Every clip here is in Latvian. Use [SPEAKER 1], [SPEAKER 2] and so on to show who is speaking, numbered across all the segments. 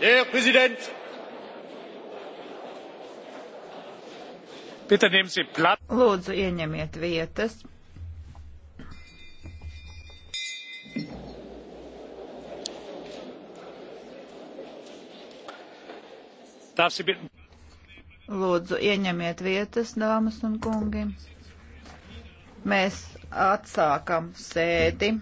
[SPEAKER 1] herr präsident!
[SPEAKER 2] bitte nehmen sie platz. lūdzu ieņemiet vietas. lūdzu ieņemiet vietas dāmas un kungi. mēs atsākam sēdi.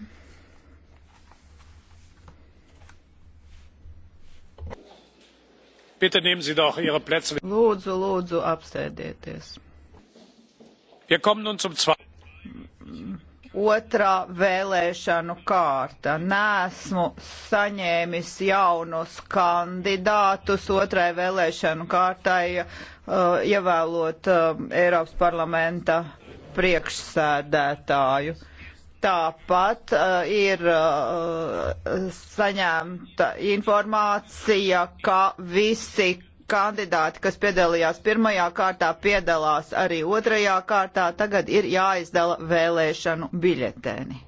[SPEAKER 1] Bitte nehmen Sie doch
[SPEAKER 2] Ihre Plätze. Lūdzu, lūdzu, apsēdieties.
[SPEAKER 1] Wir kommen nun zum zweiten.
[SPEAKER 2] Otrā vēlēšanu kārta. Nesmu saņēmis jaunus kandidātus otrai vēlēšanu kārtai, uh, ievēlot uh, Eiropas parlamenta priekšsēdētāju. Uh, Tāpat uh, ir uh, saņemta informācija, ka visi kandidāti, kas piedalījās pirmajā kārtā, piedalās arī otrajā kārtā. Tagad ir jāizdala vēlēšanu biļetēni.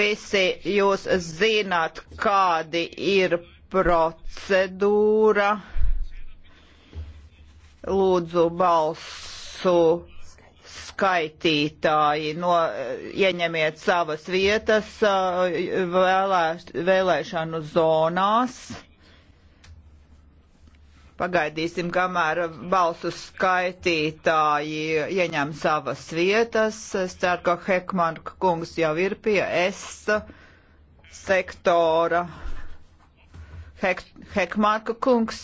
[SPEAKER 2] Visi jūs zināt, kādi ir procedūra. Lūdzu, balss balsu skaitītāji, no, ieņemiet savas vietas vēlē, vēlēšanu zonās. Pagaidīsim, kamēr balsu skaitītāji ieņem savas vietas. Es ceru, ka Hekmanka kungs jau ir pie S sektora. Hek Hekmanka kungs.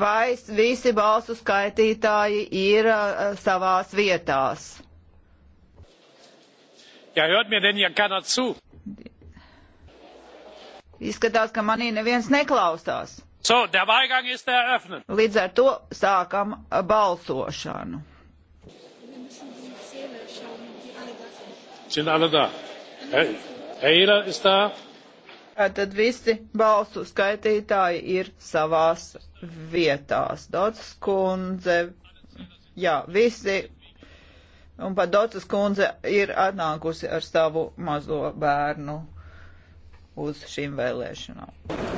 [SPEAKER 2] Vai visi balsu skaitītāji ir uh, savās vietās?
[SPEAKER 1] Ja hört mir denn ja keiner zu?
[SPEAKER 2] Izskatās, ka manī neviens neklausās.
[SPEAKER 1] So, der Wahlgang ist eröffnet.
[SPEAKER 2] Līdz ar to sākam uh, balsošanu. Sind alle da? Herr Ehler ist da? Tātad visi balsu skaitītāji ir savās vietās. Dots kundze, jā, visi, un pat Dots kundze ir atnākusi ar savu mazo bērnu uz šīm vēlēšanām.